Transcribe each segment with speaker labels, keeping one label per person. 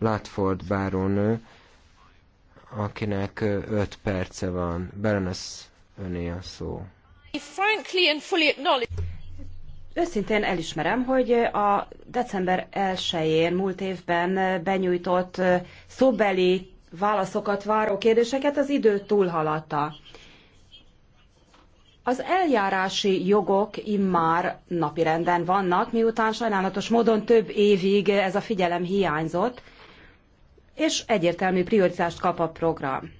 Speaker 1: Latford bárónő, akinek öt perce van. Berenes öné a szó.
Speaker 2: Őszintén elismerem, hogy a december 1-én múlt évben benyújtott szóbeli válaszokat váró kérdéseket az idő túlhaladta. Az eljárási jogok immár napirenden vannak, miután sajnálatos módon több évig ez a figyelem hiányzott, és egyértelmű prioritást kap a program.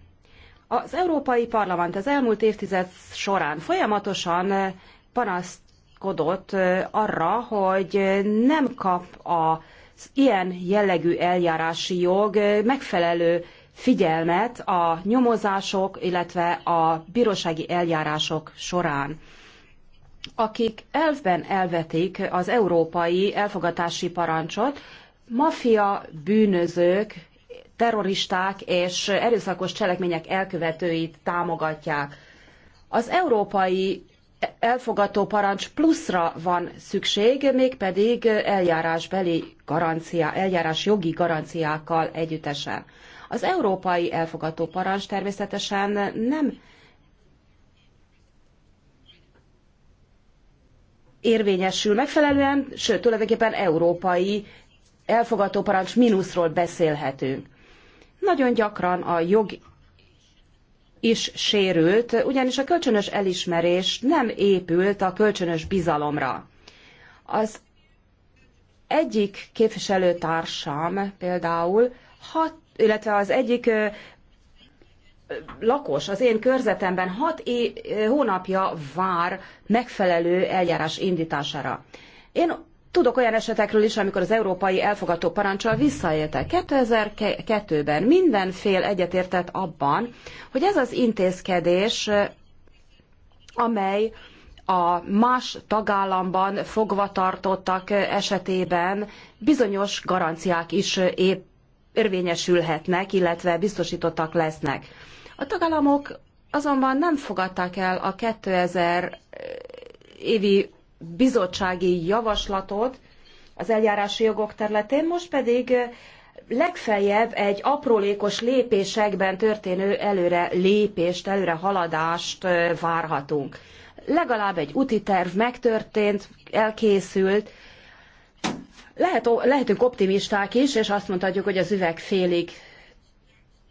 Speaker 2: Az Európai Parlament az elmúlt évtized során folyamatosan eh, panaszkodott eh, arra, hogy eh, nem kap az ilyen jellegű eljárási jog megfelelő figyelmet a nyomozások, illetve a bírósági eljárások során. Akik elvben elvetik az európai elfogatási parancsot, mafia bűnözők terroristák és erőszakos cselekmények elkövetőit támogatják. Az európai elfogató parancs pluszra van szükség, mégpedig eljárásbeli garancia, eljárás jogi garanciákkal együttesen. Az európai elfogató parancs természetesen nem érvényesül megfelelően, sőt, tulajdonképpen európai elfogató parancs mínuszról beszélhetünk. Nagyon gyakran a jog is sérült, ugyanis a kölcsönös elismerés nem épült a kölcsönös bizalomra. Az egyik képviselőtársam például, hat, illetve az egyik lakos az én körzetemben hat é- hónapja vár megfelelő eljárás indítására. Én Tudok olyan esetekről is, amikor az európai elfogató parancsal visszaéltek. 2002-ben minden fél egyetértett abban, hogy ez az intézkedés, amely a más tagállamban fogvatartottak esetében bizonyos garanciák is épp érvényesülhetnek, illetve biztosítottak lesznek. A tagállamok azonban nem fogadták el a 2000 évi bizottsági javaslatot az eljárási jogok területén, most pedig legfeljebb egy aprólékos lépésekben történő előre lépést, előre haladást várhatunk. Legalább egy úti terv megtörtént, elkészült, lehet, lehetünk optimisták is, és azt mondhatjuk, hogy az üveg félig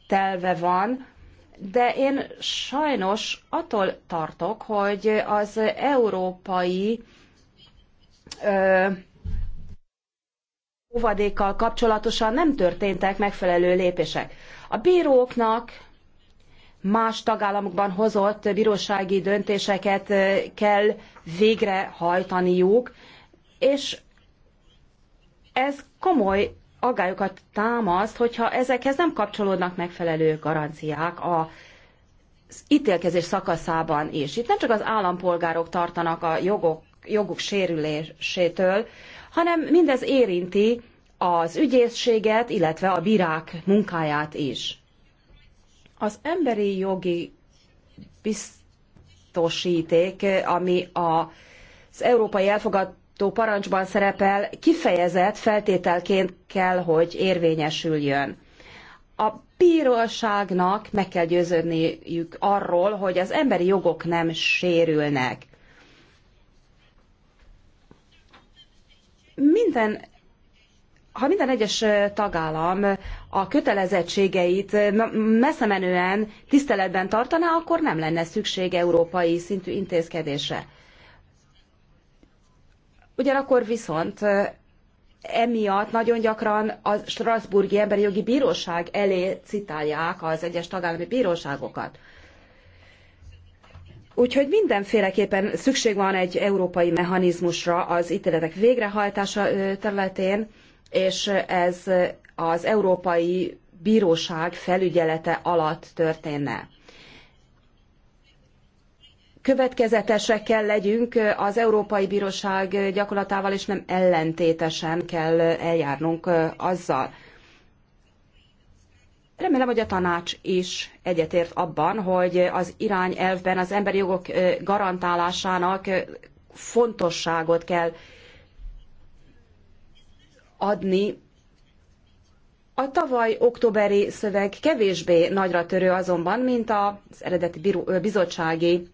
Speaker 2: telve van, de én sajnos attól tartok, hogy az európai óvadékkal kapcsolatosan nem történtek megfelelő lépések. A bíróknak más tagállamokban hozott bírósági döntéseket kell végrehajtaniuk, és ez komoly aggályokat támaszt, hogyha ezekhez nem kapcsolódnak megfelelő garanciák a ítélkezés szakaszában is. Itt nem csak az állampolgárok tartanak a jogok joguk sérülésétől, hanem mindez érinti az ügyészséget, illetve a bírák munkáját is. Az emberi jogi biztosíték, ami az európai elfogadó parancsban szerepel, kifejezett feltételként kell, hogy érvényesüljön. A bíróságnak meg kell győződniük arról, hogy az emberi jogok nem sérülnek. minden ha minden egyes tagállam a kötelezettségeit messze menően tiszteletben tartaná, akkor nem lenne szükség európai szintű intézkedésre. Ugyanakkor viszont emiatt nagyon gyakran a Strasburgi Emberi Jogi Bíróság elé citálják az egyes tagállami bíróságokat. Úgyhogy mindenféleképpen szükség van egy európai mechanizmusra az ítéletek végrehajtása területén, és ez az Európai Bíróság felügyelete alatt történne. Következetesek kell legyünk az Európai Bíróság gyakorlatával, és nem ellentétesen kell eljárnunk azzal. Remélem, hogy a tanács is egyetért abban, hogy az irányelvben az emberi jogok garantálásának fontosságot kell adni. A tavaly októberi szöveg kevésbé nagyra törő azonban, mint az eredeti bizottsági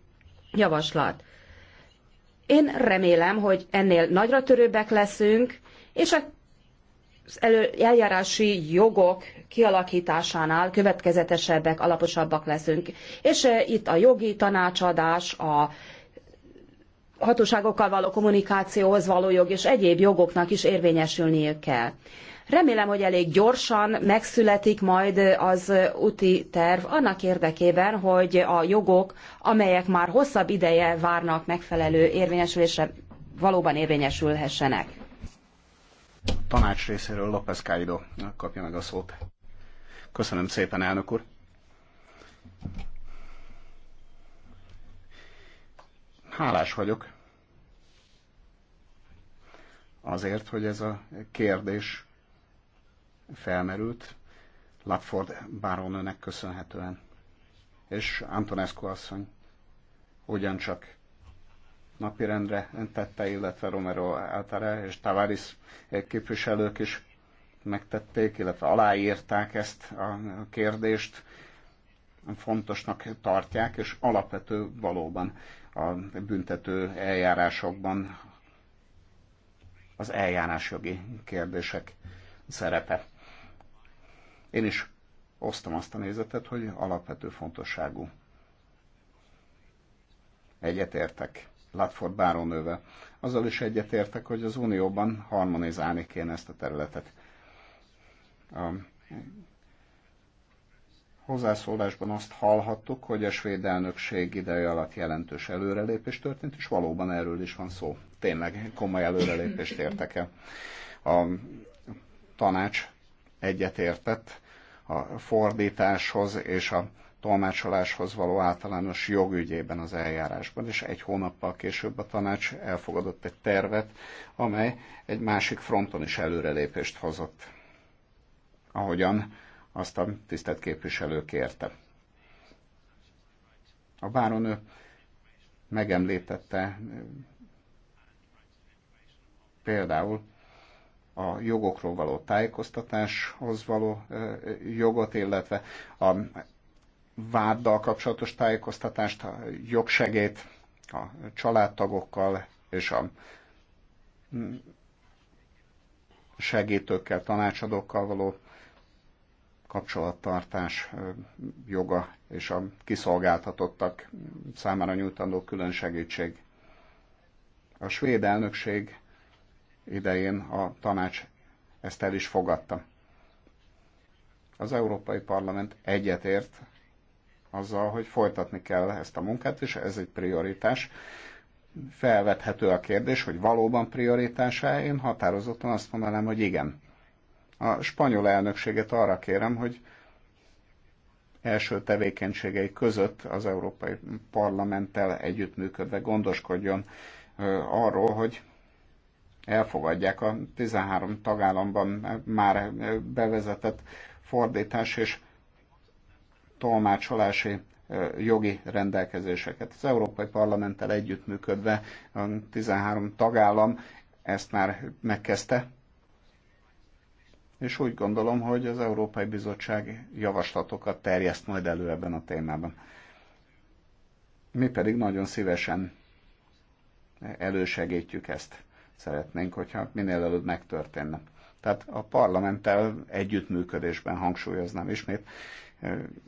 Speaker 2: javaslat. Én remélem, hogy ennél nagyra törőbbek leszünk, és az eljárási jogok kialakításánál következetesebbek, alaposabbak leszünk. És eh, itt a jogi tanácsadás, a hatóságokkal való kommunikációhoz való jog és egyéb jogoknak is érvényesülniük kell. Remélem, hogy elég gyorsan megszületik majd az úti terv annak érdekében, hogy a jogok, amelyek már hosszabb ideje várnak megfelelő érvényesülésre, valóban érvényesülhessenek.
Speaker 3: Tanács részéről López Káido kapja meg a szót. Köszönöm szépen, elnök úr. Hálás vagyok azért, hogy ez a kérdés felmerült Latford bárónőnek köszönhetően. És Antonescu asszony ugyancsak napirendre tette, illetve Romero Altara és Tavaris képviselők is megtették, illetve aláírták ezt a kérdést, fontosnak tartják, és alapvető valóban a büntető eljárásokban az eljárásjogi kérdések szerepe. Én is osztom azt a nézetet, hogy alapvető fontosságú. Egyetértek Latford Báronővel. Azzal is egyetértek, hogy az Unióban harmonizálni kéne ezt a területet a hozzászólásban azt hallhattuk, hogy a svéd elnökség ideje alatt jelentős előrelépés történt, és valóban erről is van szó. Tényleg komoly előrelépést értek el. A tanács egyetértett a fordításhoz és a tolmácsoláshoz való általános jogügyében az eljárásban, és egy hónappal később a tanács elfogadott egy tervet, amely egy másik fronton is előrelépést hozott ahogyan azt a tisztelt képviselő kérte. A báronő megemlítette például a jogokról való tájékoztatáshoz való jogot, illetve a váddal kapcsolatos tájékoztatást, a jogsegét a családtagokkal és a segítőkkel, tanácsadókkal való kapcsolattartás joga és a kiszolgáltatottak számára nyújtandó külön segítség. A svéd elnökség idején a tanács ezt el is fogadta. Az Európai Parlament egyetért azzal, hogy folytatni kell ezt a munkát, és ez egy prioritás. Felvethető a kérdés, hogy valóban prioritása, én határozottan azt mondanám, hogy igen. A spanyol elnökséget arra kérem, hogy első tevékenységei között az Európai Parlamenttel együttműködve gondoskodjon arról, hogy elfogadják a 13 tagállamban már bevezetett fordítás és tolmácsolási jogi rendelkezéseket. Az Európai Parlamenttel együttműködve a 13 tagállam ezt már megkezdte, és úgy gondolom, hogy az Európai Bizottság javaslatokat terjeszt majd elő ebben a témában. Mi pedig nagyon szívesen elősegítjük ezt. Szeretnénk, hogyha minél előbb megtörténne. Tehát a parlamenttel együttműködésben hangsúlyoznám ismét,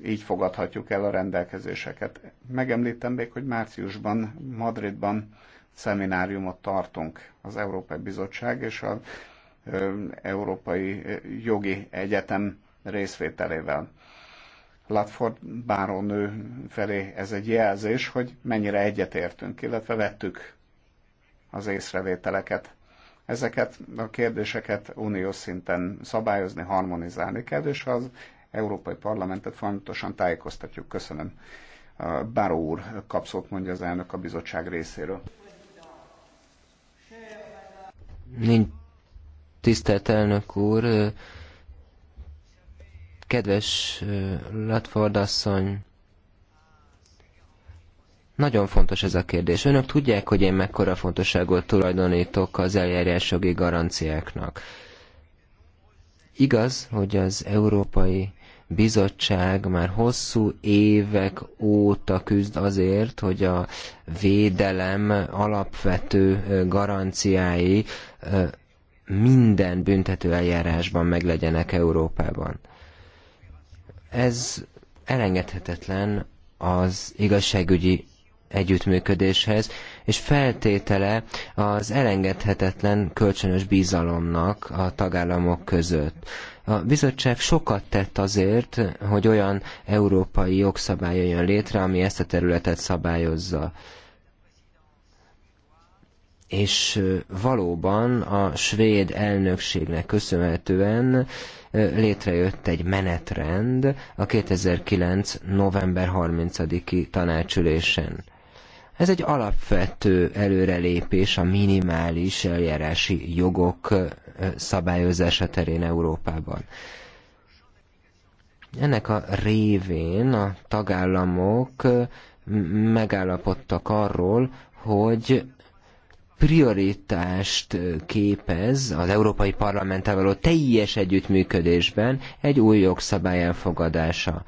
Speaker 3: így fogadhatjuk el a rendelkezéseket. Megemlítem még, hogy márciusban Madridban szemináriumot tartunk az Európai Bizottság és a Európai Jogi Egyetem részvételével. Latford bárónő felé ez egy jelzés, hogy mennyire egyetértünk, illetve vettük az észrevételeket. Ezeket a kérdéseket uniós szinten szabályozni, harmonizálni kell, és az Európai Parlamentet fontosan tájékoztatjuk. Köszönöm. Báró úr kapszót mondja az elnök a bizottság részéről.
Speaker 1: Nincs Tisztelt elnök úr, kedves Latford asszony, nagyon fontos ez a kérdés. Önök tudják, hogy én mekkora fontosságot tulajdonítok az eljárásjogi garanciáknak. Igaz, hogy az Európai Bizottság már hosszú évek óta küzd azért, hogy a védelem alapvető garanciái minden büntető eljárásban meglegyenek Európában. Ez elengedhetetlen az igazságügyi együttműködéshez, és feltétele az elengedhetetlen kölcsönös bizalomnak a tagállamok között. A bizottság sokat tett azért, hogy olyan európai jogszabály jön létre, ami ezt a területet szabályozza és valóban a svéd elnökségnek köszönhetően létrejött egy menetrend a 2009. november 30-i tanácsülésen. Ez egy alapvető előrelépés a minimális eljárási jogok szabályozása terén Európában. Ennek a révén a tagállamok megállapodtak arról, hogy prioritást képez az Európai Parlamenttel való teljes együttműködésben egy új jogszabály elfogadása.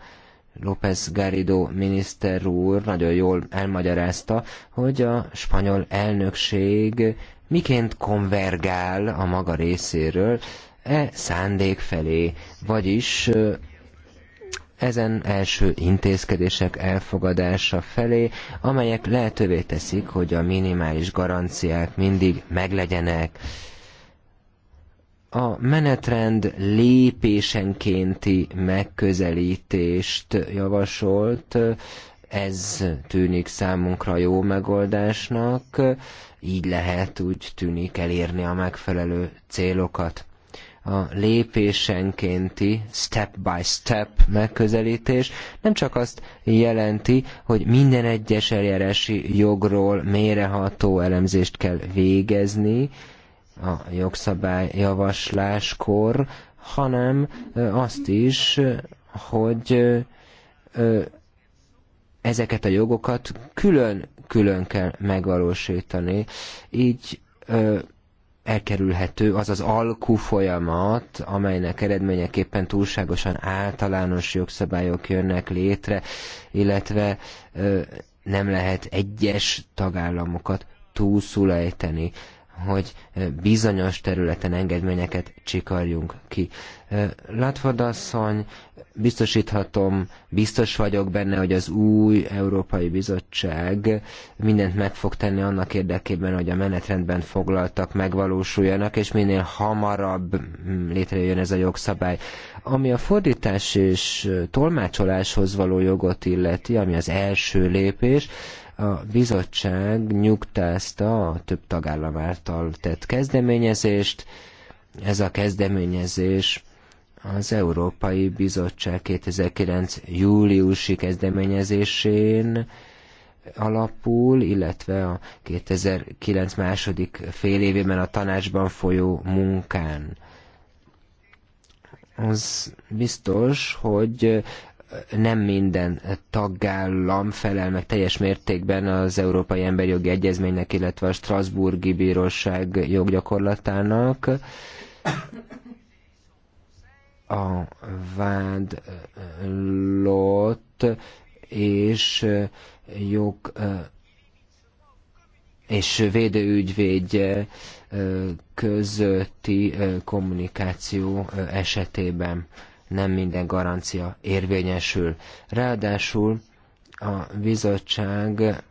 Speaker 1: López Garrido miniszter úr nagyon jól elmagyarázta, hogy a spanyol elnökség miként konvergál a maga részéről e szándék felé, vagyis ezen első intézkedések elfogadása felé, amelyek lehetővé teszik, hogy a minimális garanciák mindig meglegyenek. A menetrend lépésenkénti megközelítést javasolt, ez tűnik számunkra jó megoldásnak, így lehet úgy tűnik elérni a megfelelő célokat a lépésenkénti step-by-step megközelítés nem csak azt jelenti, hogy minden egyes eljárási jogról méreható elemzést kell végezni a jogszabály javasláskor, hanem azt is, hogy ezeket a jogokat külön-külön kell megvalósítani. Így elkerülhető az az alkú folyamat, amelynek eredményeképpen túlságosan általános jogszabályok jönnek létre, illetve nem lehet egyes tagállamokat túlszulejteni hogy bizonyos területen engedményeket csikarjunk ki. Látford asszony, biztosíthatom, biztos vagyok benne, hogy az új Európai Bizottság mindent meg fog tenni annak érdekében, hogy a menetrendben foglaltak megvalósuljanak, és minél hamarabb mm, létrejön ez a jogszabály. Ami a fordítás és tolmácsoláshoz való jogot illeti, ami az első lépés, a bizottság nyugtázta a több tagállam által tett kezdeményezést. Ez a kezdeményezés az Európai Bizottság 2009. júliusi kezdeményezésén alapul, illetve a 2009 második fél évében a tanácsban folyó munkán. Az biztos, hogy nem minden tagállam felel meg teljes mértékben az Európai Emberi Jogi Egyezménynek, illetve a Strasburgi Bíróság joggyakorlatának. A vádlott és jog és védőügyvédje közötti kommunikáció esetében nem minden garancia érvényesül. Ráadásul a bizottság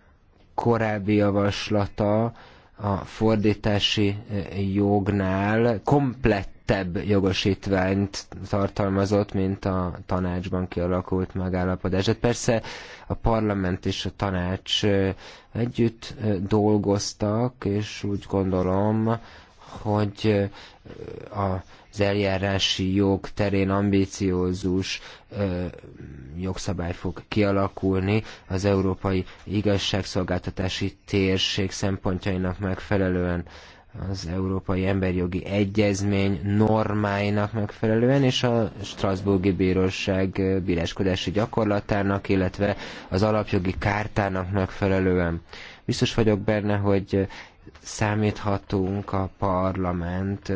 Speaker 1: korábbi javaslata a fordítási eh, jognál komplettebb jogosítványt tartalmazott, mint a tanácsban kialakult megállapodás. Hát persze a parlament és a tanács eh, együtt eh, dolgoztak, és úgy gondolom, hogy az eljárási jog terén ambíciózus jogszabály fog kialakulni az európai igazságszolgáltatási térség szempontjainak megfelelően az Európai Emberjogi Egyezmény normáinak megfelelően, és a Strasburgi Bíróság bíráskodási gyakorlatának, illetve az alapjogi kártának megfelelően. Biztos vagyok benne, hogy számíthatunk a parlament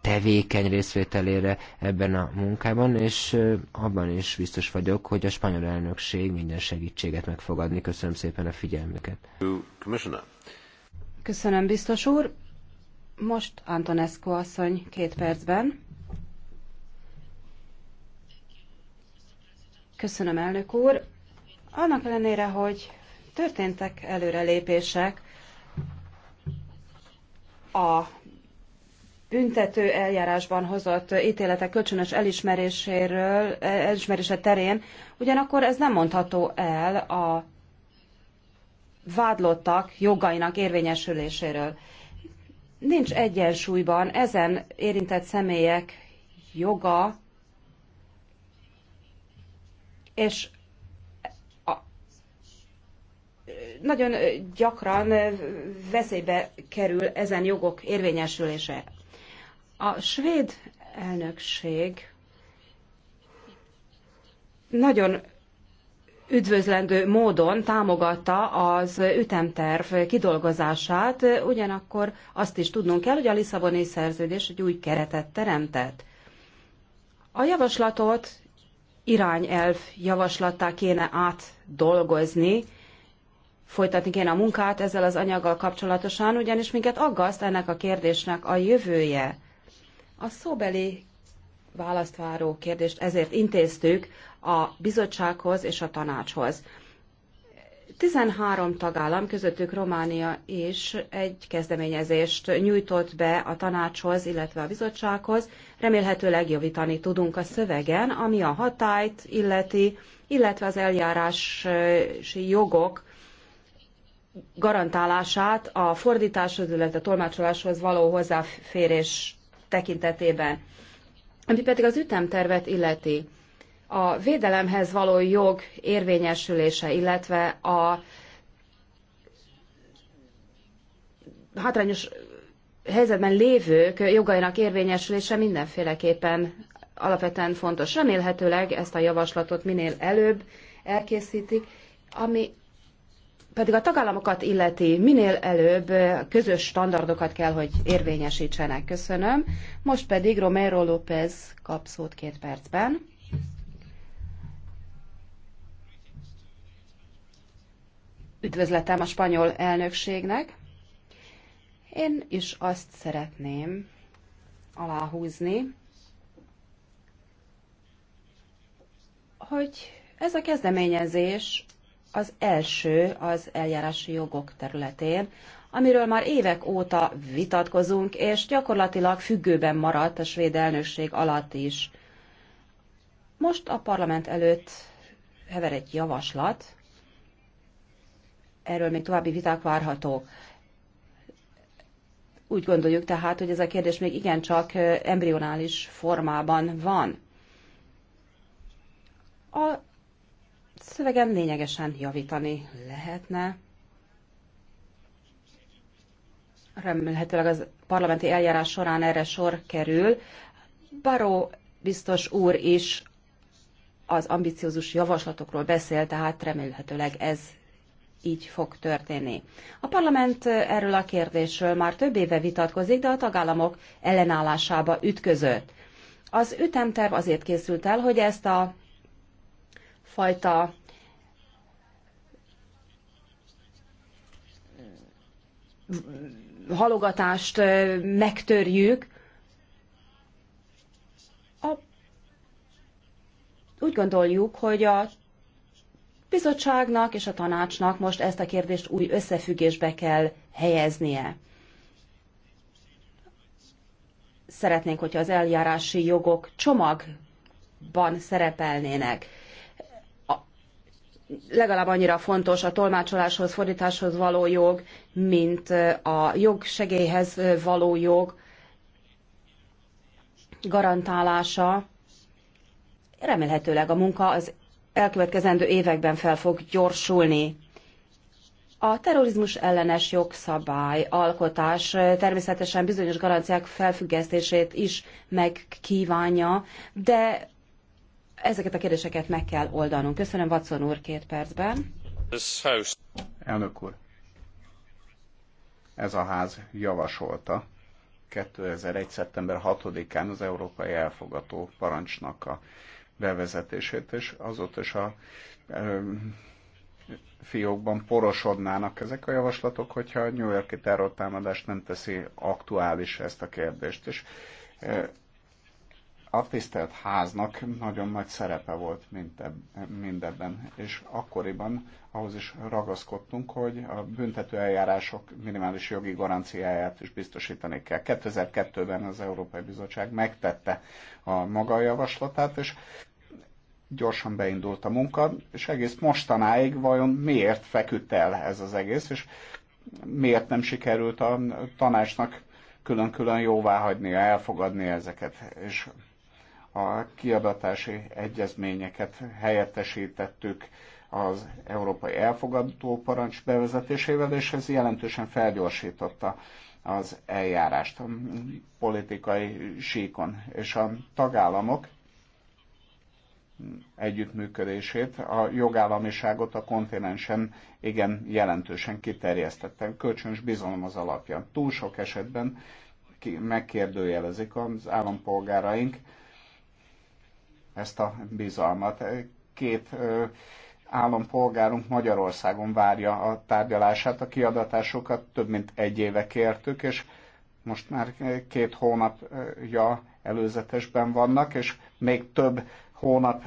Speaker 1: tevékeny részvételére ebben a munkában, és abban is biztos vagyok, hogy a spanyol elnökség minden segítséget megfogadni. Köszönöm szépen a figyelmüket.
Speaker 2: Köszönöm, biztos úr. Most Antonescu asszony két percben. Köszönöm, elnök úr. Annak ellenére, hogy történtek előrelépések, a büntető eljárásban hozott ítéletek kölcsönös elismeréséről, e, elismerése terén, ugyanakkor ez nem mondható el a vádlottak jogainak érvényesüléséről. Nincs egyensúlyban ezen érintett személyek joga és nagyon gyakran veszélybe kerül ezen jogok érvényesülése. A svéd elnökség nagyon üdvözlendő módon támogatta az ütemterv kidolgozását, ugyanakkor azt is tudnunk kell, hogy a Lisszaboni szerződés egy új keretet teremtett. A javaslatot irányelv javaslattá kéne átdolgozni, folytatni kéne a munkát ezzel az anyaggal kapcsolatosan, ugyanis minket aggaszt ennek a kérdésnek a jövője. A szóbeli választváró kérdést ezért intéztük a bizottsághoz és a tanácshoz. 13 tagállam, közöttük Románia is egy kezdeményezést nyújtott be a tanácshoz, illetve a bizottsághoz. Remélhetőleg javítani tudunk a szövegen, ami a hatályt illeti, illetve az eljárási jogok garantálását a fordításhoz, illetve a tolmácsoláshoz való hozzáférés tekintetében. Ami pedig az ütemtervet illeti, a védelemhez való jog érvényesülése, illetve a hátrányos helyzetben lévők jogainak érvényesülése mindenféleképpen alapvetően fontos. Remélhetőleg ezt a javaslatot minél előbb elkészítik, ami pedig a tagállamokat illeti, minél előbb közös standardokat kell, hogy érvényesítsenek. Köszönöm. Most pedig Romero López kap szót két percben. Üdvözletem a spanyol elnökségnek. Én is azt szeretném aláhúzni, hogy ez a kezdeményezés az első az eljárási jogok területén, amiről már évek óta vitatkozunk, és gyakorlatilag függőben maradt a svéd elnökség alatt is. Most a parlament előtt hever egy javaslat, erről még további viták várhatók. Úgy gondoljuk tehát, hogy ez a kérdés még igencsak embrionális formában van. A szövegen lényegesen javítani lehetne. Remélhetőleg az parlamenti eljárás során erre sor kerül. Baró biztos úr is az ambiciózus javaslatokról beszél, tehát remélhetőleg ez így fog történni. A parlament erről a kérdésről már több éve vitatkozik, de a tagállamok ellenállásába ütközött. Az ütemterv azért készült el, hogy ezt a fajta halogatást megtörjük. A, úgy gondoljuk, hogy a bizottságnak és a tanácsnak most ezt a kérdést új összefüggésbe kell helyeznie. Szeretnénk, hogyha az eljárási jogok csomagban szerepelnének legalább annyira fontos a tolmácsoláshoz, fordításhoz való jog, mint a jogsegélyhez való jog garantálása. Remélhetőleg a munka az elkövetkezendő években fel fog gyorsulni. A terrorizmus ellenes jogszabály alkotás természetesen bizonyos garanciák felfüggesztését is megkívánja, de ezeket a kérdéseket meg kell oldanunk. Köszönöm, Watson úr, két percben.
Speaker 3: Elnök úr, ez a ház javasolta 2001. szeptember 6-án az Európai Elfogató Parancsnak a bevezetését, és azóta is a fiókban porosodnának ezek a javaslatok, hogyha a New Yorki terrortámadás nem teszi aktuális ezt a kérdést. És eh, a tisztelt háznak nagyon nagy szerepe volt mindebben, és akkoriban ahhoz is ragaszkodtunk, hogy a büntető eljárások minimális jogi garanciáját is biztosítani kell. 2002-ben az Európai Bizottság megtette a maga javaslatát, és gyorsan beindult a munka, és egész mostanáig vajon miért feküdt el ez az egész, és miért nem sikerült a tanácsnak külön-külön jóvá hagynia, elfogadni ezeket. És a kiadatási egyezményeket helyettesítettük az európai elfogadó parancs bevezetésével, és ez jelentősen felgyorsította az eljárást a politikai síkon, és a tagállamok együttműködését, a jogállamiságot a kontinensen igen jelentősen kiterjesztette. Kölcsönös bizalom az alapja. Túl sok esetben megkérdőjelezik az állampolgáraink ezt a bizalmat. Két állampolgárunk Magyarországon várja a tárgyalását, a kiadatásokat több mint egy éve kértük, és most már két hónapja előzetesben vannak, és még több hónap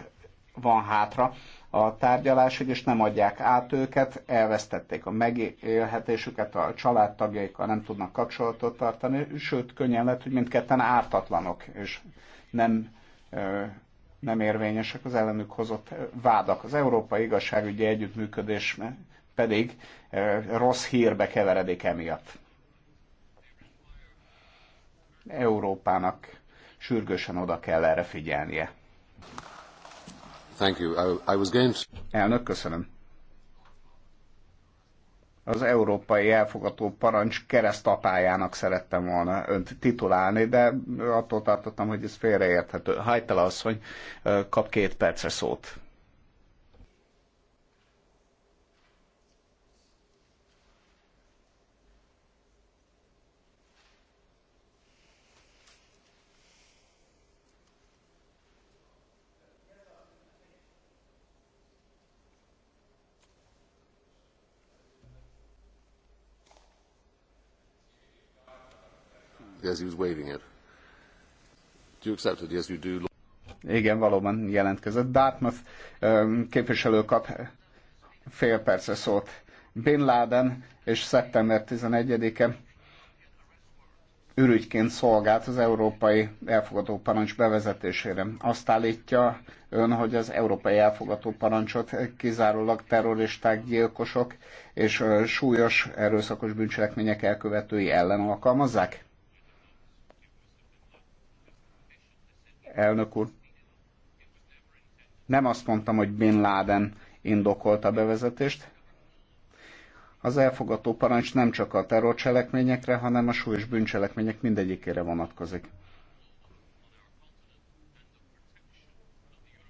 Speaker 3: van hátra a tárgyalásig, és nem adják át őket, elvesztették a megélhetésüket, a családtagjaikkal nem tudnak kapcsolatot tartani, sőt, könnyen lett, hogy mindketten ártatlanok, és nem nem érvényesek az ellenük hozott eh, vádak. Az Európai Igazságügyi Együttműködés pedig eh, rossz hírbe keveredik emiatt. Európának sürgősen oda kell erre figyelnie. Thank you. I, was going to... Elnök, köszönöm az európai elfogató parancs keresztapájának szerettem volna önt titulálni, de attól tartottam, hogy ez félreérthető. Hajtala asszony kap két perce szót. as he was waving it. Do you accept it? Yes, you do. Igen, valóban jelentkezett. Dartmouth um, képviselő kap fél perce szót. Bin Laden és szeptember 11-e ürügyként szolgált az európai elfogadó parancs bevezetésére. Azt állítja ön, hogy az európai elfogadó parancsot kizárólag terroristák, gyilkosok és súlyos erőszakos bűncselekmények elkövetői ellen alkalmazzák? Elnök úr, nem azt mondtam, hogy Bin Laden indokolta a bevezetést. Az elfogató parancs nem csak a terrorcselekményekre, hanem a súlyos bűncselekmények mindegyikére vonatkozik.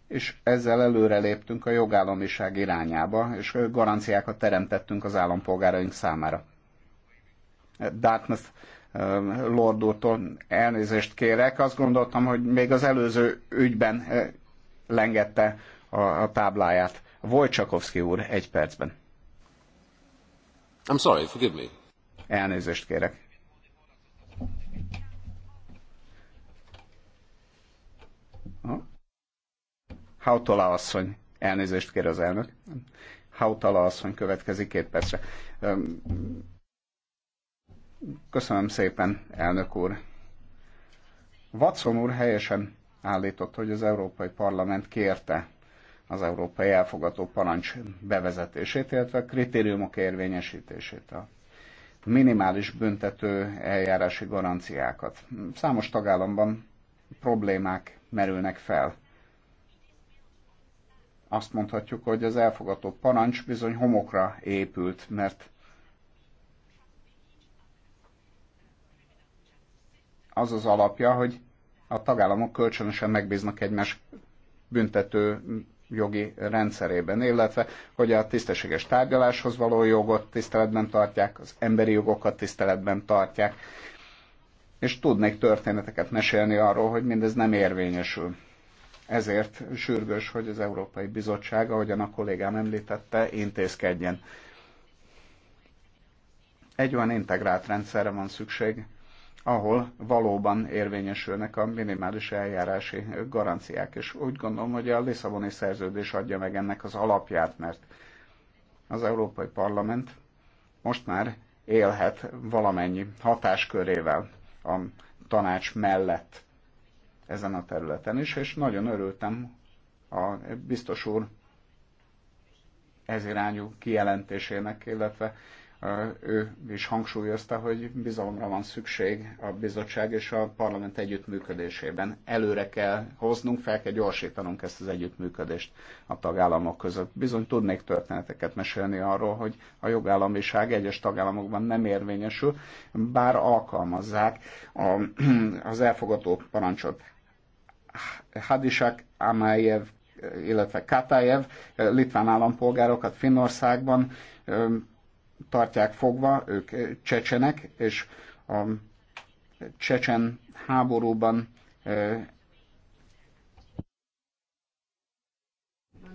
Speaker 3: és ezzel előreléptünk a jogállamiság irányába, és garanciákat teremtettünk az állampolgáraink számára. Dartmouth Lord úrtól elnézést kérek. Azt gondoltam, hogy még az előző ügyben lengette a, tábláját. Wojciechowski úr, egy percben.
Speaker 2: I'm sorry, forgive me.
Speaker 3: Elnézést kérek. Hautala asszony, elnézést kér az elnök. Hautala asszony következik két percre. Köszönöm szépen, elnök úr. Watson úr helyesen állított, hogy az Európai Parlament kérte az Európai Elfogató Parancs bevezetését, illetve a kritériumok érvényesítését, a minimális büntető eljárási garanciákat. Számos tagállamban problémák merülnek fel. Azt mondhatjuk, hogy az elfogató parancs bizony homokra épült, mert az az alapja, hogy a tagállamok kölcsönösen megbíznak egymás büntető jogi rendszerében, illetve hogy a tisztességes tárgyaláshoz való jogot tiszteletben tartják, az emberi jogokat tiszteletben tartják, és tudnék történeteket mesélni arról, hogy mindez nem érvényesül. Ezért sürgős, hogy az Európai Bizottság, ahogyan a kollégám említette, intézkedjen. Egy olyan integrált rendszerre van szükség, ahol valóban érvényesülnek a minimális eljárási garanciák. És úgy gondolom, hogy a Lisszaboni szerződés adja meg ennek az alapját, mert az Európai Parlament most már élhet valamennyi hatáskörével a tanács mellett ezen a területen is, és nagyon örültem a biztos úr ez irányú kijelentésének, illetve ő is hangsúlyozta, hogy bizalomra van szükség a bizottság és a parlament együttműködésében. Előre kell hoznunk, fel kell gyorsítanunk ezt az együttműködést a tagállamok között. Bizony tudnék történeteket mesélni arról, hogy a jogállamiság egyes tagállamokban nem érvényesül, bár alkalmazzák a, az elfogadó parancsot. hadisak Amájev, illetve Katájev, litván állampolgárokat Finnországban tartják fogva, ők csecsenek, és a csecsen háborúban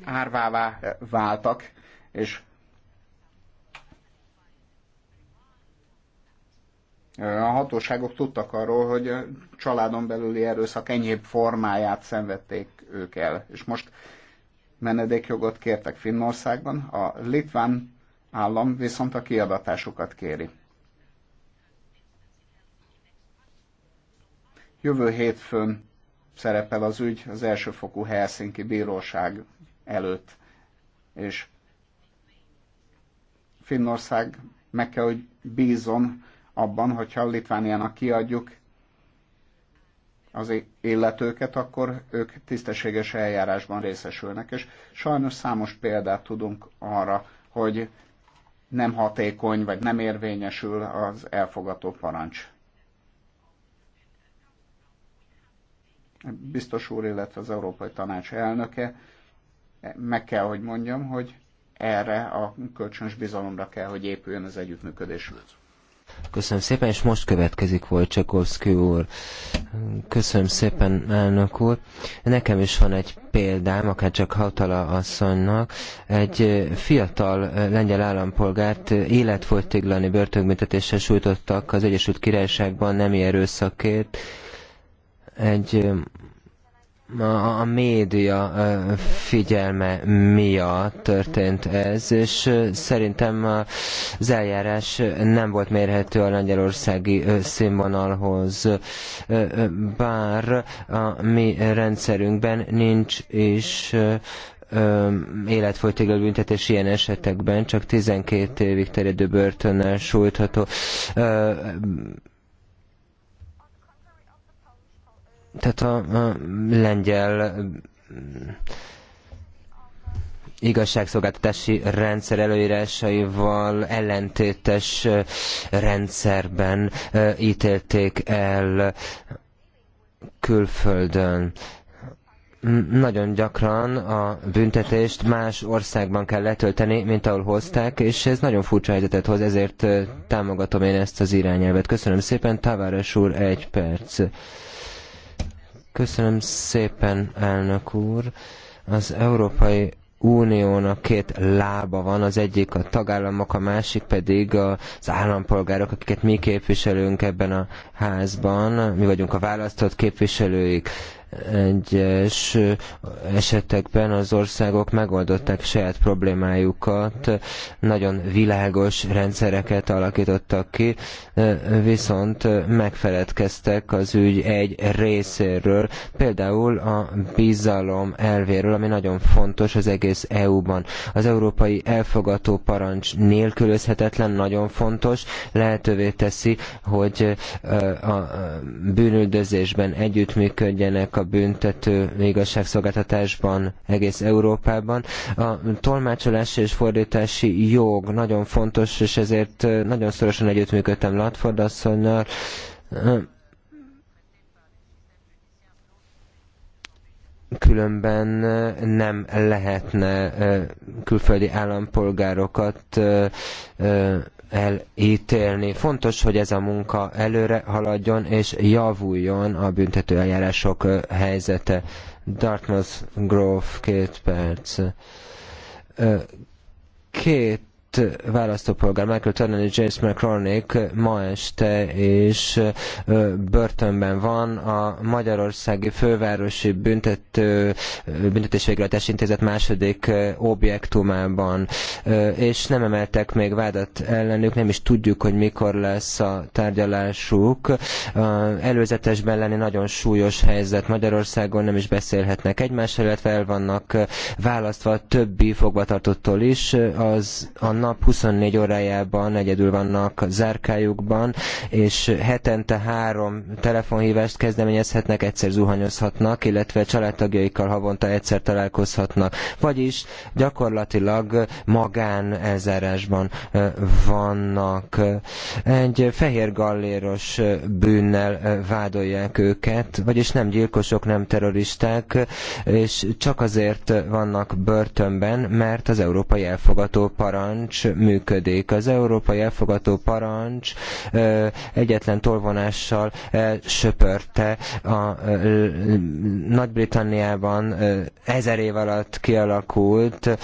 Speaker 3: árvává váltak, és a hatóságok tudtak arról, hogy a családon belüli erőszak enyhébb formáját szenvedték ők el. És most menedékjogot kértek Finnországban. A litván állam viszont a kiadatásokat kéri. Jövő hétfőn szerepel az ügy az elsőfokú Helsinki bíróság előtt, és Finnország meg kell, hogy bízon abban, hogyha Litvániának kiadjuk az illetőket, akkor ők tisztességes eljárásban részesülnek. És sajnos számos példát tudunk arra, hogy nem hatékony, vagy nem érvényesül az elfogató parancs. Biztos úr, illetve az Európai Tanács elnöke, meg kell, hogy mondjam, hogy erre a kölcsönös bizalomra kell, hogy épüljön az együttműködés.
Speaker 1: Köszönöm szépen, és most következik Wojciechowski úr. Köszönöm szépen, elnök úr. Nekem is van egy példám, akár csak Hautala asszonynak. Egy fiatal lengyel állampolgárt életfogytiglani börtönbüntetéssel sújtottak az Egyesült Királyságban nemi erőszakért. Egy a média figyelme miatt történt ez, és szerintem az eljárás nem volt mérhető a lengyelországi színvonalhoz, bár a mi rendszerünkben nincs is életfolytéglő büntetés ilyen esetekben, csak 12 évig terjedő börtönnel sújtható tehát a, a lengyel igazságszolgáltatási rendszer előírásaival ellentétes rendszerben ítélték el külföldön. Nagyon gyakran a büntetést más országban kell letölteni, mint ahol hozták, és ez nagyon furcsa helyzetet hoz, ezért támogatom én ezt az irányelvet. Köszönöm szépen, Tavares úr, egy perc. Köszönöm szépen, elnök úr. Az Európai Uniónak két lába van, az egyik a tagállamok, a másik pedig az állampolgárok, akiket mi képviselünk ebben a házban. Mi vagyunk a választott képviselőik. Egyes esetekben az országok megoldották saját problémájukat, nagyon világos rendszereket alakítottak ki, viszont megfeledkeztek az ügy egy részéről, például a bizalom elvéről, ami nagyon fontos az egész EU-ban. Az európai elfogató parancs nélkülözhetetlen, nagyon fontos, lehetővé teszi, hogy a bűnüldözésben együttműködjenek a büntető igazságszolgáltatásban egész Európában. A tolmácsolási és fordítási jog nagyon fontos, és ezért nagyon szorosan együttműködtem Latford asszonynal. különben nem lehetne külföldi állampolgárokat elítélni. Fontos, hogy ez a munka előre haladjon és javuljon a büntetőeljárások helyzete. Dartmouth Grove, két perc. Két választópolgár, Michael Turner és James McCormick ma este és börtönben van a Magyarországi Fővárosi Büntető, Büntetésvégrehajtás Intézet második objektumában, és nem emeltek még vádat ellenük, nem is tudjuk, hogy mikor lesz a tárgyalásuk. Előzetesben lenni nagyon súlyos helyzet Magyarországon, nem is beszélhetnek egymással, illetve el vannak választva a többi fogvatartottól is, az a nap 24 órájában egyedül vannak zárkájukban, és hetente három telefonhívást kezdeményezhetnek, egyszer zuhanyozhatnak, illetve családtagjaikkal havonta egyszer találkozhatnak. Vagyis gyakorlatilag magán elzárásban vannak. Egy fehér galléros bűnnel vádolják őket, vagyis nem gyilkosok, nem terroristák, és csak azért vannak börtönben, mert az európai elfogató parancs parancs működik. Az európai elfogató parancs egyetlen tolvonással söpörte a Nagy-Britanniában ezer év alatt kialakult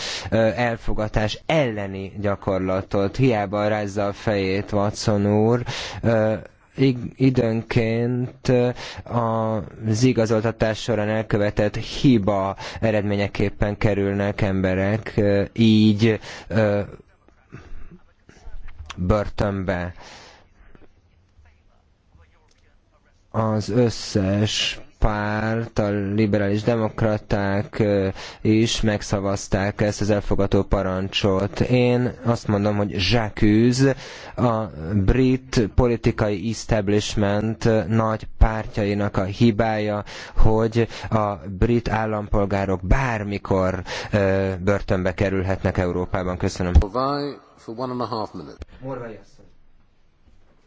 Speaker 1: elfogatás elleni gyakorlatot. Hiába rázza a fejét Watson úr, időnként az igazoltatás során elkövetett hiba eredményeképpen kerülnek emberek így börtönbe. Az összes párt, a liberális demokraták is megszavazták ezt az elfogató parancsot. Én azt mondom, hogy zsákűz, a brit politikai establishment nagy pártjainak a hibája, hogy a brit állampolgárok bármikor börtönbe kerülhetnek Európában. Köszönöm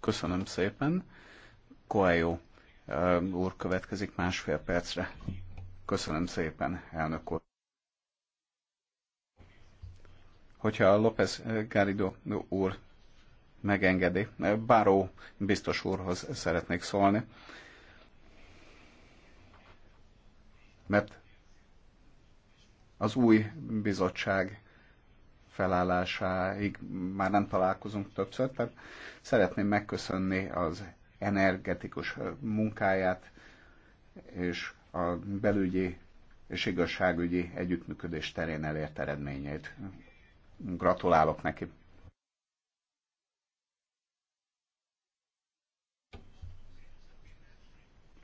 Speaker 3: Köszönöm szépen. Coelho uh, úr következik másfél percre. Köszönöm szépen, elnök úr. Hogyha a López Garrido úr megengedi, Báró biztos úrhoz szeretnék szólni, mert az új bizottság felállásáig már nem találkozunk többször, tehát szeretném megköszönni az energetikus munkáját és a belügyi és igazságügyi együttműködés terén elért eredményeit. Gratulálok neki!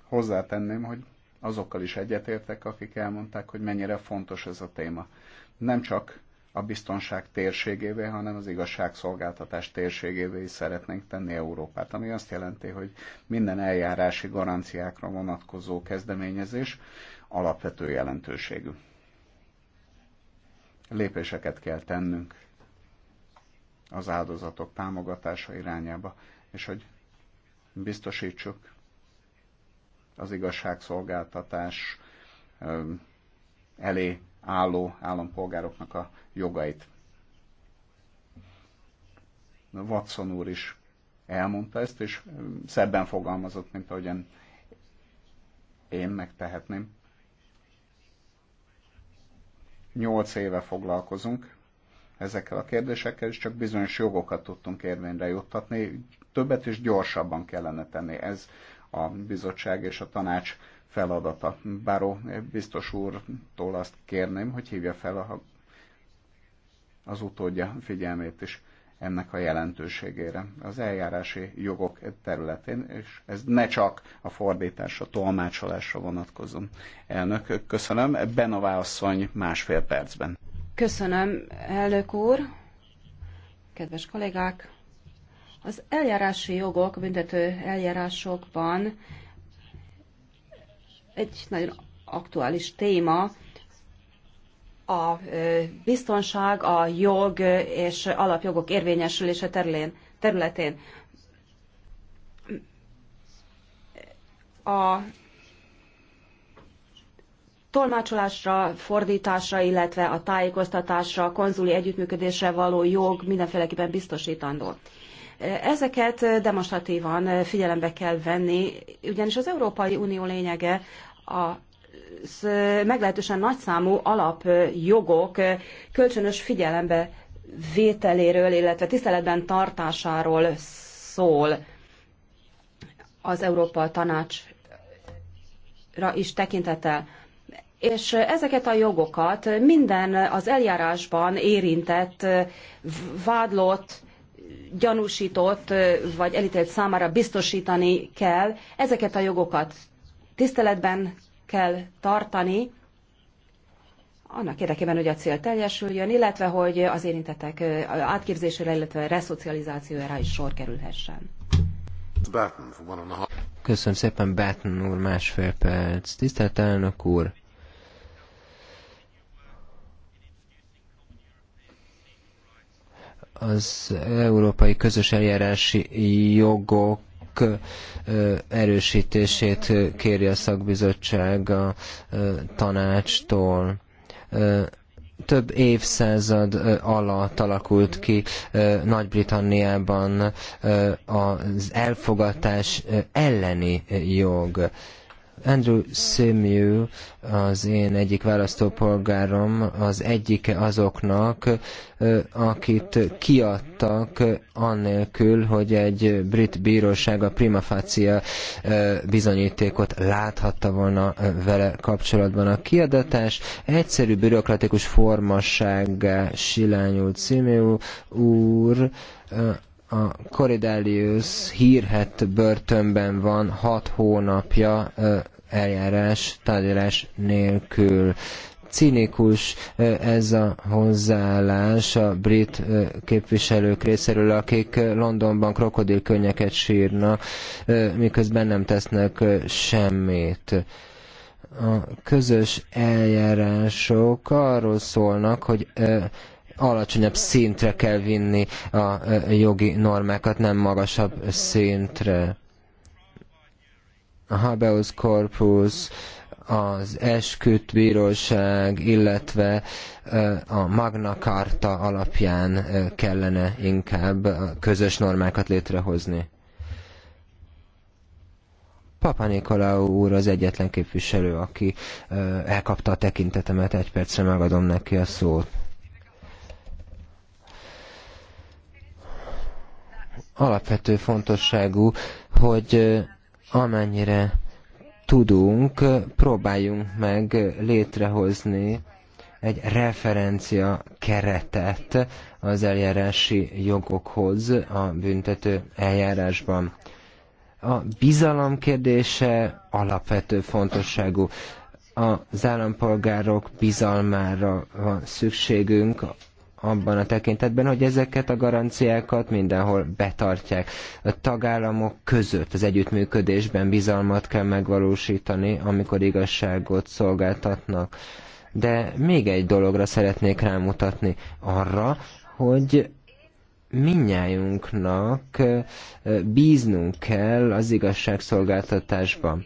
Speaker 3: Hozzátenném, hogy azokkal is egyetértek, akik elmondták, hogy mennyire fontos ez a téma. Nem csak a biztonság térségévé, hanem az igazságszolgáltatás térségévé is szeretnénk tenni Európát, ami azt jelenti, hogy minden eljárási garanciákra vonatkozó kezdeményezés alapvető jelentőségű. Lépéseket kell tennünk az áldozatok támogatása irányába, és hogy biztosítsuk az igazságszolgáltatás elé álló állampolgároknak a jogait. Watson úr is elmondta ezt, és szebben fogalmazott, mint ahogyan én megtehetném. Nyolc éve foglalkozunk ezekkel a kérdésekkel, és csak bizonyos jogokat tudtunk érvényre juttatni. Többet és gyorsabban kellene tenni. Ez a bizottság és a tanács feladata. Báró biztos úrtól azt kérném, hogy hívja fel a, az utódja figyelmét is ennek a jelentőségére az eljárási jogok területén, és ez ne csak a fordításra, tolmácsolásra vonatkozom. Elnök, köszönöm. Benová asszony másfél percben.
Speaker 2: Köszönöm, elnök úr, kedves kollégák. Az eljárási jogok büntető eljárásokban egy nagyon aktuális téma, a biztonság, a jog és alapjogok érvényesülése területén. A tolmácsolásra, fordításra, illetve a tájékoztatásra, a konzuli együttműködésre való jog mindenféleképpen biztosítandó. Ezeket demonstratívan figyelembe kell venni, ugyanis az Európai Unió lényege a meglehetősen nagyszámú alapjogok kölcsönös figyelembe vételéről, illetve tiszteletben tartásáról szól az Európa Tanácsra is tekintettel. És ezeket a jogokat minden az eljárásban érintett, vádlott, gyanúsított vagy elítélt számára biztosítani kell. Ezeket a jogokat tiszteletben kell tartani, annak érdekében, hogy a cél teljesüljön, illetve hogy az érintettek átképzésére, illetve reszocializációra is sor kerülhessen.
Speaker 1: Köszönöm szépen, Batten úr, másfél perc. Tisztelt elnök úr! az európai közös eljárási jogok erősítését kéri a szakbizottság a tanácstól. Több évszázad alatt alakult ki Nagy-Britanniában az elfogatás elleni jog. Andrew Symeou, az én egyik választópolgárom, az egyike azoknak, akit kiadtak annélkül, hogy egy brit bíróság a prima facie bizonyítékot láthatta volna vele kapcsolatban. A kiadatás egyszerű bürokratikus formassággá silányult Symeou úr, a Corydalius hírhet börtönben van hat hónapja eljárás, tárgyalás nélkül. Cinikus ez a hozzáállás a brit képviselők részéről, akik Londonban krokodilkönnyeket sírnak, miközben nem tesznek semmit a közös eljárások arról szólnak, hogy alacsonyabb szintre kell vinni a e, jogi normákat, nem magasabb szintre. A habeus corpus, az esküt illetve e, a Magna Carta alapján e, kellene inkább közös normákat létrehozni. Papa Nikolaou úr az egyetlen képviselő, aki elkapta a tekintetemet, egy percre megadom neki a szót. alapvető fontosságú, hogy amennyire tudunk, próbáljunk meg létrehozni egy referencia keretet az eljárási jogokhoz a büntető eljárásban. A bizalom kérdése alapvető fontosságú. Az állampolgárok bizalmára van szükségünk abban a tekintetben, hogy ezeket a garanciákat mindenhol betartják. A tagállamok között az együttműködésben bizalmat kell megvalósítani, amikor igazságot szolgáltatnak. De még egy dologra szeretnék rámutatni, arra, hogy minnyájunknak bíznunk kell az igazságszolgáltatásban.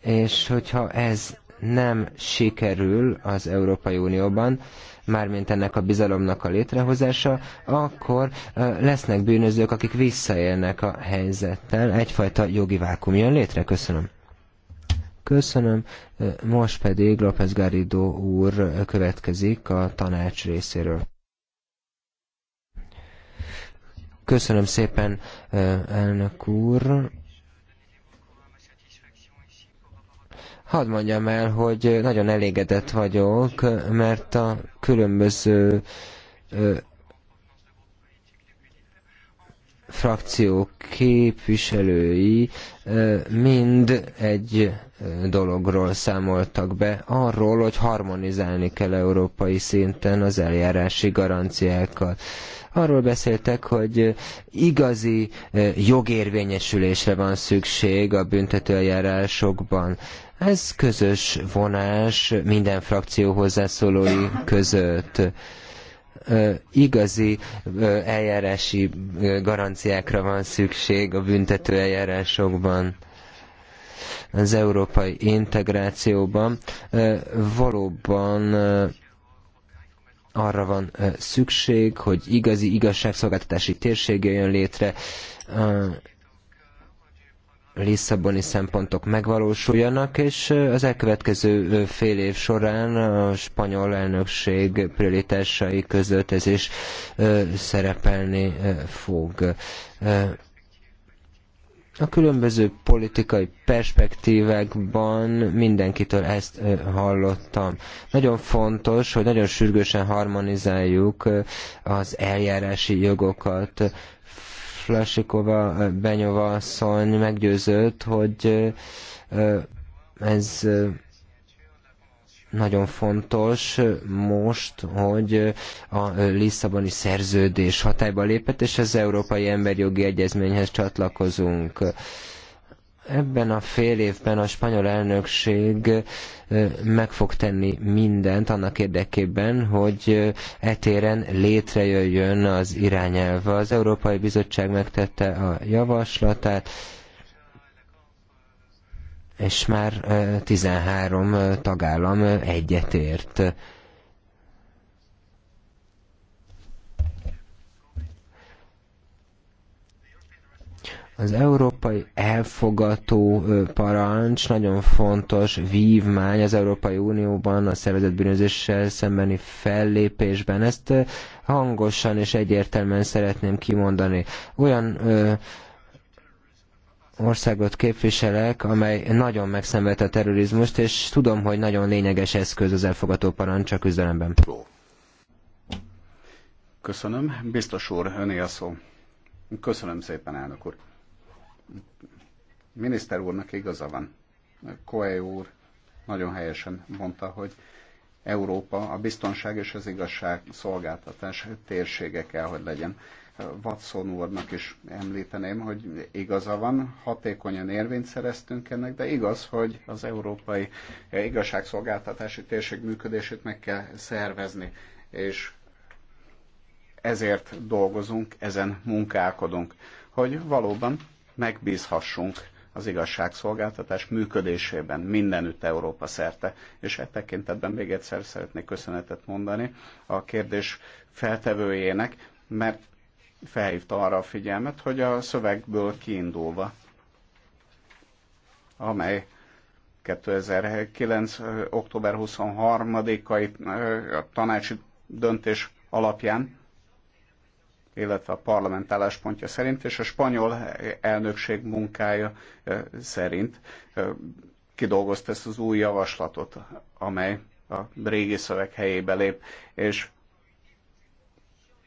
Speaker 1: És hogyha ez nem sikerül az Európai Unióban, mármint ennek a bizalomnak a létrehozása, akkor lesznek bűnözők, akik visszaélnek a helyzettel. Egyfajta jogi vákum jön létre. Köszönöm. Köszönöm. Most pedig López Garrido úr következik a tanács részéről. Köszönöm szépen, elnök úr. Hadd mondjam el, hogy nagyon elégedett vagyok, mert a különböző frakciók képviselői mind egy dologról számoltak be, arról, hogy harmonizálni kell európai szinten az eljárási garanciákat. Arról beszéltek, hogy igazi jogérvényesülésre van szükség a büntetőeljárásokban. Ez közös vonás minden frakció hozzászólói között igazi eljárási garanciákra van szükség a büntető eljárásokban az európai integrációban valóban arra van szükség, hogy igazi igazságszolgáltatási térség jön létre, lisszaboni szempontok megvalósuljanak, és az elkövetkező fél év során a spanyol elnökség prioritásai között ez is szerepelni fog. A különböző politikai perspektívákban mindenkitől ezt hallottam. Nagyon fontos, hogy nagyon sürgősen harmonizáljuk az eljárási jogokat Flasikova eh, Benyova asszony meggyőzött, hogy eh, eh, ez nagyon fontos most, hogy a Lisszaboni szerződés hatályba lépett, és az Európai Emberjogi Egyezményhez csatlakozunk ebben a fél évben a spanyol elnökség meg fog tenni mindent annak érdekében, hogy etéren létrejöjjön az irányelve. Az Európai Bizottság megtette a javaslatát, és már 13 tagállam egyetért. Az európai elfogató parancs nagyon fontos vívmány az Európai Unióban a szervezetbűnözéssel szembeni fellépésben. Ezt hangosan és egyértelműen szeretném kimondani. Olyan ö, országot képviselek, amely nagyon megszenvedte a terrorizmust, és tudom, hogy nagyon lényeges eszköz az elfogató parancs a küzdelemben.
Speaker 3: Köszönöm. Biztos úr, öné a szó. Köszönöm szépen, elnök úr miniszter úrnak igaza van. Koe úr nagyon helyesen mondta, hogy Európa a biztonság és az igazság szolgáltatás térsége kell, hogy legyen. Watson úrnak is említeném, hogy igaza van, hatékonyan érvényt szereztünk ennek, de igaz, hogy az európai igazságszolgáltatási térség működését meg kell szervezni, és ezért dolgozunk, ezen munkálkodunk, hogy valóban megbízhassunk az igazságszolgáltatás működésében mindenütt Európa szerte. És e tekintetben még egyszer szeretnék köszönetet mondani a kérdés feltevőjének, mert felhívta arra a figyelmet, hogy a szövegből kiindulva, amely 2009. október 23-ai tanácsi döntés alapján illetve a parlament álláspontja szerint, és a spanyol elnökség munkája szerint kidolgozta ezt az új javaslatot, amely a régi szöveg helyébe lép, és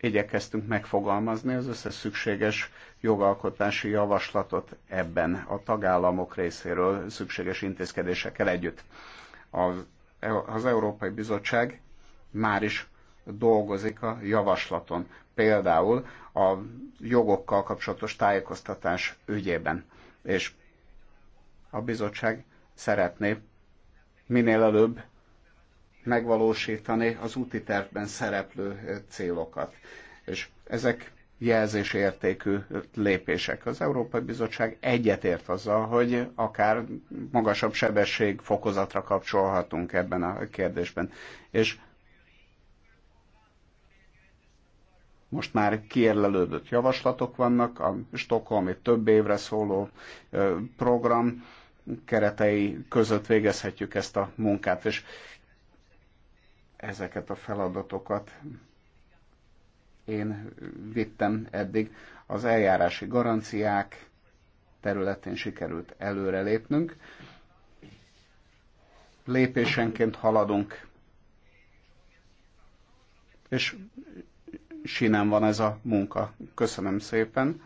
Speaker 3: igyekeztünk megfogalmazni az összes szükséges jogalkotási javaslatot ebben a tagállamok részéről szükséges intézkedésekkel együtt. Az, az Európai Bizottság már is dolgozik a javaslaton, például a jogokkal kapcsolatos tájékoztatás ügyében. És a bizottság szeretné minél előbb megvalósítani az úti tervben szereplő célokat. És ezek jelzésértékű lépések. Az Európai Bizottság egyetért azzal, hogy akár magasabb sebesség fokozatra kapcsolhatunk ebben a kérdésben. És Most már kiérlelődött javaslatok vannak, a egy több évre szóló program keretei között végezhetjük ezt a munkát, és ezeket a feladatokat én vittem eddig. Az eljárási garanciák területén sikerült előrelépnünk. Lépésenként haladunk, és sinem van ez a munka. Köszönöm szépen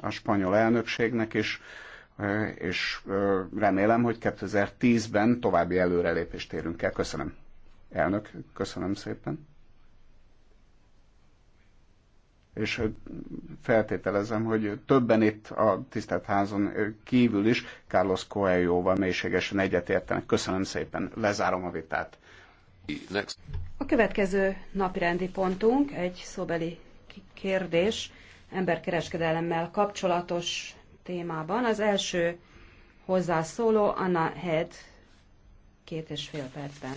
Speaker 3: a spanyol elnökségnek és és remélem, hogy 2010-ben további előrelépést érünk el. Köszönöm. Elnök, köszönöm szépen. És feltételezem, hogy többen itt a tisztelt házon kívül is Carlos Coelhoval mélységesen egyetértenek. Köszönöm szépen, lezárom a vitát.
Speaker 4: Next.
Speaker 2: A következő napirendi pontunk egy szóbeli kérdés emberkereskedelemmel kapcsolatos témában. Az első hozzászóló Anna Head két és fél percben.